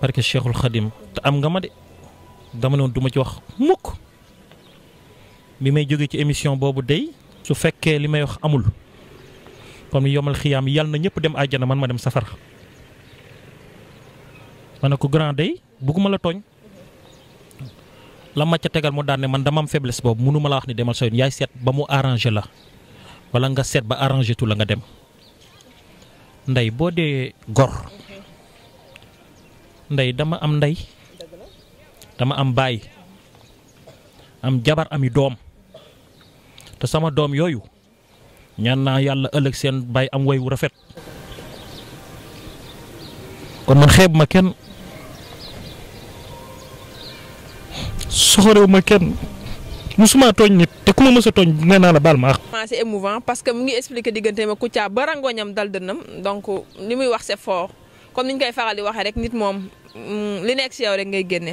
barke cheikhul khadim te am nga ma de dama non duma ci wax mukk bi may joge ci emission bobu dey su fekke limay wax amul comme yomal khiyam yal na dem aljana man ma dem safar ma ko grand day bugguma la togn la ma ca tegal mo man dama am faiblesse bobu munu mala wax ni demal soyn yaay set ba mu arranger la wala nga set ba arranger tu la nga dem ndey bo de gor ndey dama am ndey dama am baay am jabar ami doom te sama doom yooyu ñaan naa yàlla ëllëg seen baay am way wu rafet kon man xeeb ma kenn soxorew ma kenn musuma tooñ nit te ku ma mës a tooñ nee naa la baal ma àq. c'est que mu ngi expliqué diggante ma Kouthia ba rangoñam dal dënnam donc li muy wax c'est fort comme niñ koy faral di waxee rek nit moom Mm, li nekk si yow rek ngay génne.